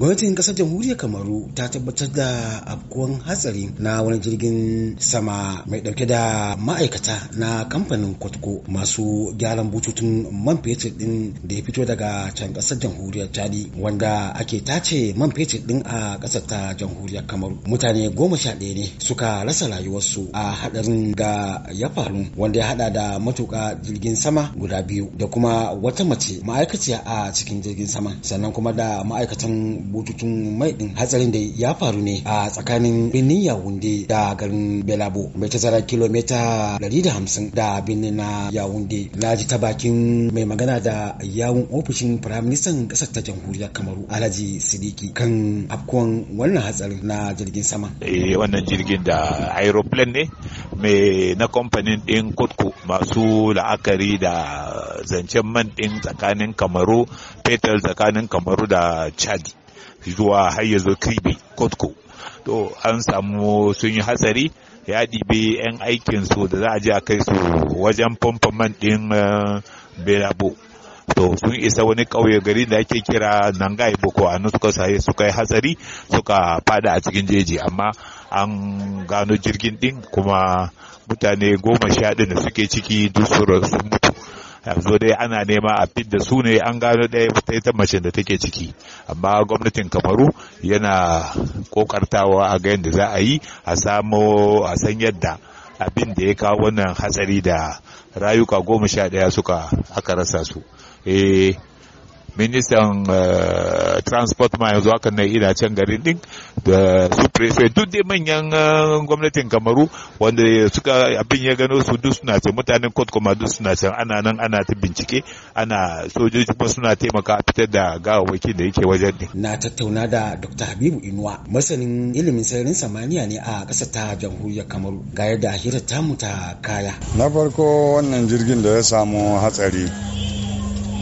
gwamnatin kasar jamhuriyar kamaru ta tabbatar da afkuwan hatsari na wani jirgin sama mai dauke da ma'aikata na kamfanin kwatko masu gyaran bututun man fetur din da ya fito daga can kasar jamhuriyar chadi wanda ake tace man fetur din a kasar ta jamhuriyar kamaru mutane goma sha ɗaya ne suka rasa rayuwarsu a hadarin ga ya faru wanda ya hada da matuka jirgin sama guda biyu da kuma wata mace ma'aikaciya a cikin jirgin sama sannan kuma da ma'aikatan bututun mai din hatsarin da ya faru ne a tsakanin birnin yawunde da garin belabo mai tazara kilomita 150 da birnin na yawunde na ji ta bakin mai magana da yawun ofishin firaministan ƙasar ta jamhuriyar kamaru alhaji sidiki kan afkuwan wannan hatsarin na jirgin sama eh, wannan jirgin da aeroplane ne mai na kamfanin ɗin kotko masu la'akari da zancen man ɗin tsakanin kamaru petal tsakanin kamaru da chadi zuwa har ya kirbi kotko to an samu sun yi hatsari ya ɗibe 'yan aikin su da za a je a kai su wajen famfaman ɗin eh, belabo to sun isa wani ƙauye gari da ake kira nangai boko a nan suka saye suka yi hatsari suka fada a cikin jeji amma an gano jirgin ɗin kuma mutane goma sha da suke ciki duk sun mutu yanzu dai ana nema a fidda su ne an gano ɗaya ita mace da take ciki amma gwamnatin kamaru yana kokartawa a ga yadda za a yi a samo a san yadda abin da ya kawo wannan hatsari da rayuka goma sha ɗaya suka aka rasa su eh ministan eh, transport ma yanzu haka na ina can garin din da su prefect duk dai manyan eh, gwamnatin kamaru wanda suka abin ya gano su duk suna can mutanen court kuma duk suna can ana nan ana ta bincike ana sojoji kuma suna taimaka fitar da gawawaki da yake wajen din na tattauna da dr habibu inuwa masanin ilimin sararin samaniya ne a ƙasar ta jamhuriyar kamaru ga yadda hirar tamu ta kaya na farko wannan jirgin da ya samu hatsari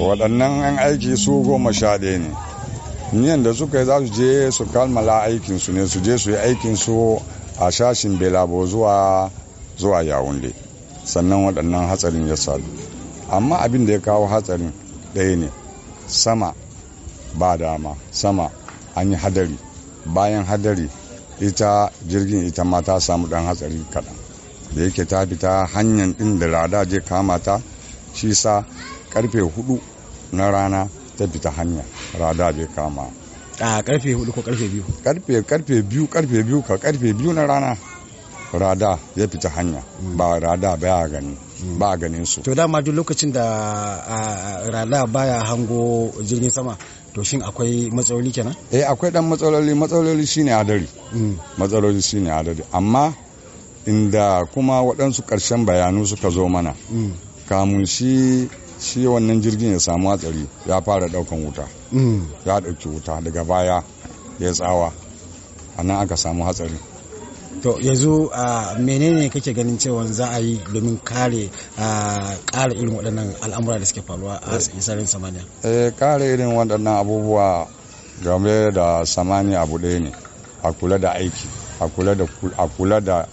waɗannan 'yan aiki su goma sha ɗaya ne niyan da suka yi za su je su kalmala aikinsu ne su je su yi aikinsu a shashin belabo zuwa zuwa yawunde sannan waɗannan hatsarin ya sadu amma abin da ya kawo hatsarin ɗaya ne sama ba dama sama an yi hadari bayan hadari ita jirgin ita ma ta samu ɗan hatsari kaɗan da yake ta fita hanyar ɗin da rada je kama ta shi sa karfe hudu na rana ta fita hanya rada bai kama a karfe hudu ko karfe biyu karfe karfe biyu karfe biyu ka karfe biyu na rana rada ya fita hanya hmm. ba rada baya gani hmm. ba ganin su to dama duk lokacin da rada baya hango jirgin sama to shin akwai matsaloli kenan eh akwai dan matsaloli matsaloli shine adari hmm. matsaloli shine adari amma inda kuma waɗansu ƙarshen bayanu suka zo mana kamun shi shi wannan jirgin ya samu hatsari ya fara daukan wuta mm. ya dauki wuta daga baya ya tsawa a nan aka samu hatsari to yanzu menene kake ganin cewa za a yi domin kare kare irin waɗannan al'amura da suke faruwa a eh. sararin samaniya eh kare irin waɗannan abubuwa game da samaniya abu ɗaya ne a kula da aiki a kula da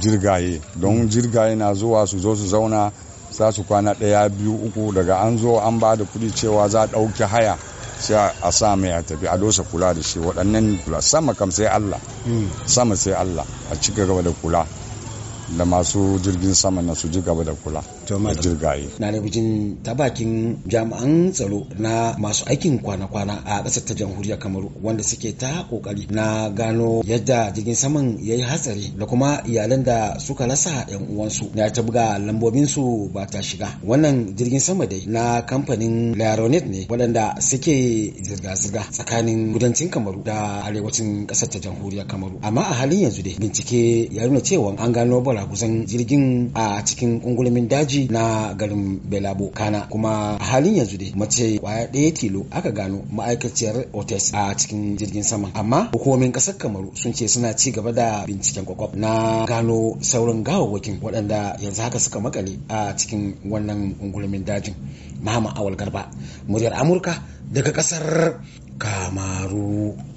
jirgaye don jirgaye na zuwa su zo su zauna za su kwana ɗaya biyu uku daga an zo an ba da kuɗi cewa za a ɗauki haya sai a sa mai a tafi a dosa kula da shi waɗannan kula sama kam sai Allah hmm. sama sai Allah a cika gaba da kula da masu jirgin sama na su ji gaba da kula da jirgaye. Na da bijin ta bakin jami'an tsaro na masu aikin kwana-kwana a ƙasar ta jamhuriyar Kamaru wanda suke ta kokari na gano yadda jirgin saman ya yi hatsari da kuma iyalan da suka rasa 'yan uwansu na ta buga lambobinsu ba ta shiga. Wannan jirgin sama dai na kamfanin Laronet ne waɗanda suke zirga-zirga tsakanin kudancin Kamaru da arewacin ƙasar ta jamhuriyar Kamaru. Amma a halin yanzu dai bincike ya nuna cewa an gano bara kusan jirgin a cikin kungulumin daji na garin belabo kana kuma a halin yanzu dai mace kwaya ɗaya tilo aka gano ma'aikaciyar otes a cikin jirgin sama amma hukumomin ƙasar kamaru sun ce suna ci gaba da binciken kwakwab na gano saurin gawawwakin waɗanda yanzu haka suka makale a cikin wannan kungulumin dajin mahama awal garba muryar amurka daga ƙasar kamaru